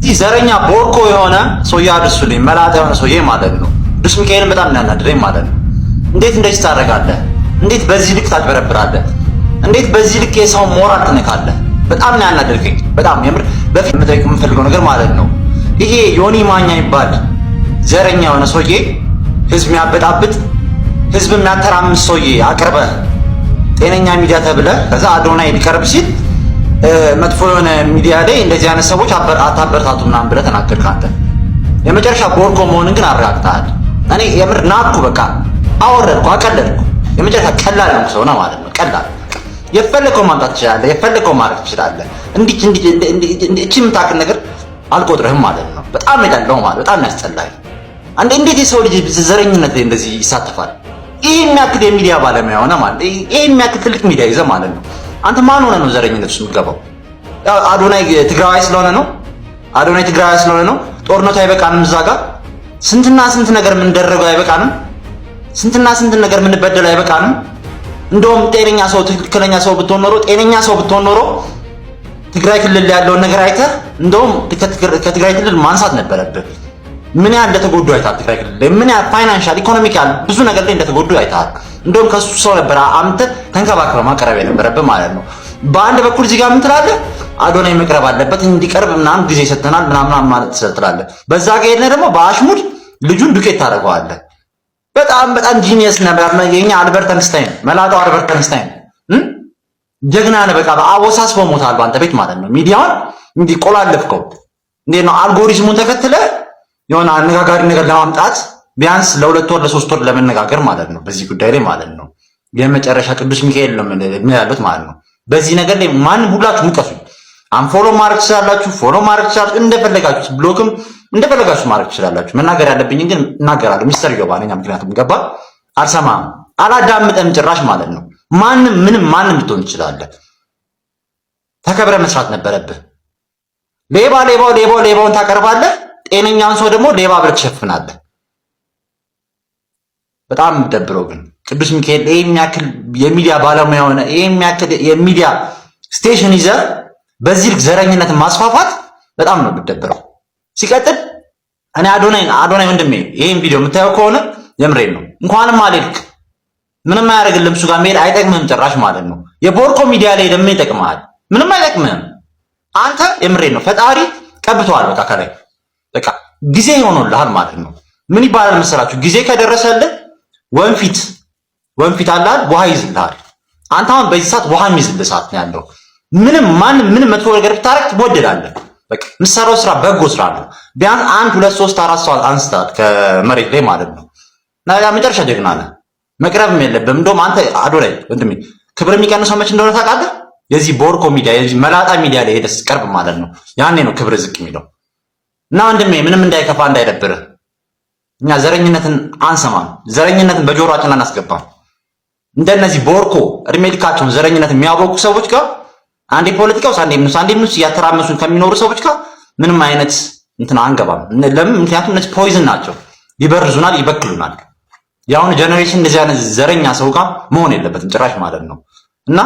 እዚህ ዘረኛ ቦርኮ የሆነ ሰውዬ አድርሱልኝ፣ መላጣ የሆነ ሰውዬ ማለት ነው። ቅዱስ ሚካኤልን በጣም ያናድደኝ ማለት ነው። እንዴት እንደዚህ ታደርጋለህ? እንዴት በዚህ ልክ ታጭበረብራለህ? እንዴት በዚህ ልክ የሰው ሞራል ትነካለህ? በጣም ነው ያናደርከኝ። በጣም የምር በፊት መጠየቅ የምፈልገው ነገር ማለት ነው ይሄ ዮኒ ማኛ ይባል ዘረኛ የሆነ ሰውዬ ህዝብ የሚያበጣብጥ ህዝብ የሚያተራምስ ሰውዬ አቅርበህ ጤነኛ ሚዲያ ተብለህ ከዛ አዶናይ ሊቀርብ ሲል መጥፎ የሆነ ሚዲያ ላይ እንደዚህ አይነት ሰዎች አታበረታቱ ምናምን ብለህ ተናገርክ። አንተ የመጨረሻ ቦርኮ መሆንን ግን አረጋግጠሃል። እኔ የምር ናኩ፣ በቃ አወረድኩ፣ አቀለድኩ። የመጨረሻ ቀላል ነው ሰው ነው ማለት ነው። ቀላል የፈለከው ማምጣት ትችላለህ፣ የፈለከው ማድረግ ትችላለህ። እንዲህ እንዲህ የምታክል ነገር አልቆጥርህም ማለት ነው። በጣም ይላልው ማለት በጣም ያስጠላል። አንዴ እንዴት የሰው ልጅ ዘረኝነት እንደዚህ ይሳተፋል? ይሄ የሚያክል የሚዲያ ባለሙያ ሆነ ማለት ይሄ የሚያክል ትልቅ ሚዲያ ይዘህ ማለት ነው አንተ ማን ሆነ ነው ዘረኝነት ውስጥ የምትገባው? አዶናይ ትግራዋይ ስለሆነ ነው። አዶናይ ትግራዋይ ስለሆነ ነው። ጦርነቱ አይበቃንም? እዛ ጋር ስንትና ስንት ነገር የምንደረገው አይበቃንም? ስንትና ስንት ነገር የምንበደለው አይበቃንም? እንደውም ጤነኛ ሰው ትክክለኛ ሰው ብትሆን ኖሮ ጤነኛ ሰው ብትሆን ኖሮ ትግራይ ክልል ያለውን ነገር አይተህ እንደውም ከትግራይ ክልል ማንሳት ነበረብህ። ምን ያህል እንደተጎዱ አይተሃል። ትግራይ ክልል ምን ያህል ፋይናንሻል ኢኮኖሚካል ብዙ ነገር ላይ እንደተጎዱ አይተሃል። እንደውም ከሱ ሰው ነበር አምተ ተንከባክበ ማቅረብ የነበረብህ ማለት ነው። በአንድ በኩል እዚህ ጋር ምን ትላለህ? አዶናይ መቅረብ አለበት እንዲቀርብ ምናምን ጊዜ ሰጥተናል ምናምን ማለት ትላለህ። በዛ ጋር ሄድን ደግሞ በአሽሙድ ልጁን ዱቄት ታደርገዋለህ። በጣም በጣም ጂኒየስ ነበር። የኛ አልበርት አንስታይን መላጣው አልበርት አንስታይን ጀግና ነህ። በቃ በአወሳስ በሞታል በአንተ ቤት ማለት ነው። ሚዲያውን እንዲህ ቆላለፍከው እንዴት ነው? አልጎሪዝሙን ተከትለ የሆነ አነጋጋሪ ነገር ለማምጣት ቢያንስ ለሁለት ወር ለሶስት ወር ለመነጋገር ማለት ነው፣ በዚህ ጉዳይ ላይ ማለት ነው። የመጨረሻ ቅዱስ ሚካኤል ነው ምን ያሉት ማለት ነው። በዚህ ነገር ላይ ማንም ሁላችሁ ሙቀሱ አንፎሎ ማድረግ ትችላላችሁ፣ ፎሎ ማድረግ ትችላላችሁ፣ እንደፈለጋችሁ ብሎክም እንደፈለጋችሁ ማድረግ ትችላላችሁ። መናገር ያለብኝ ግን እናገራለሁ። ሚስተር ነኝ። ምክንያቱም ገባ አልሰማም አላዳምጠም ጭራሽ ማለት ነው። ማንም ምንም ማንም ልትሆን ትችላለህ። ተከብረ መስራት ነበረብህ። ሌባ ሌባው ሌባው ሌባውን ታቀርባለህ። ጤነኛን ሰው ደግሞ ሌባ ብለህ ትሸፍናለህ። በጣም ደብረው ግን ቅዱስ ሚካኤል ይሄን ያክል የሚዲያ ባለሙያ ሆነ ይሄን የሚያክል የሚዲያ ስቴሽን ይዘ በዚህ ልክ ዘረኝነት ማስፋፋት በጣም ነው የምደብረው። ሲቀጥል እኔ አዶናይ አዶናይ ወንድሜ ይሄን ቪዲዮ የምታየው ከሆነ የምሬን ነው። እንኳንም አልልክ ምንም አያደርግልም። እሱ ጋር መሄድ አይጠቅምህም ጭራሽ ማለት ነው። የቦርኮ ሚዲያ ላይ ለምን ይጠቅምሃል? ምንም አይጠቅምህም። አንተ የምሬን ነው ፈጣሪ ቀብተዋል። በቃ ከላይ በቃ ጊዜ ይሆኖልሃል ማለት ነው። ምን ይባላል መሰላችሁ ጊዜ ከደረሰልህ ወንፊት ወንፊት አላል ውሃ ይዝልሃል። አንተ አሁን በዚህ ሰዓት ውሃ የሚዝልህ ሰዓት ነው ያለው። ምንም ማንም ምንም መጥፎ ነገር ብታረግ ትወደዳለህ። በቃ የምትሰራው ስራ በጎ ስራ ነው። ቢያንስ አንድ ሁለት ሶስት አራት ሰዓት አንስታል ከመሬት ላይ ማለት ነው። እና ያ መጨረሻ ጀግና ነህ። መቅረብም የለብህም። እንደውም አንተ አዶላይ ወንድሜ ክብር የሚቀንሰው መች እንደሆነ ታውቃለህ? የዚህ ቦርኮ ሚዲያ የዚህ መላጣ ሚዲያ ላይ ሄደህ ስትቀርብ ማለት ነው። ያኔ ነው ክብር ዝቅ የሚለው። እና ወንድሜ ምንም እንዳይከፋ እንዳይደብርህ እኛ ዘረኝነትን አንሰማም። ዘረኝነትን በጆሮአችን አናስገባም። እንደነዚህ ቦርኮ እድሜ ልካቸውን ዘረኝነት የሚያወቁ ሰዎች ጋር አንዴ ፖለቲካ ውስጥ አንዴ ምንስ አንዴ ምንስ እያተራመሱን ከሚኖሩ ሰዎች ጋር ምንም አይነት እንትን አንገባም። ለምን? ምክንያቱም እነዚህ ፖይዝን ናቸው። ይበርዙናል፣ ይበክሉናል። የአሁኑ ጀኔሬሽን እንደዚህ አይነት ዘረኛ ሰው ጋር መሆን የለበትም ጭራሽ ማለት ነው እና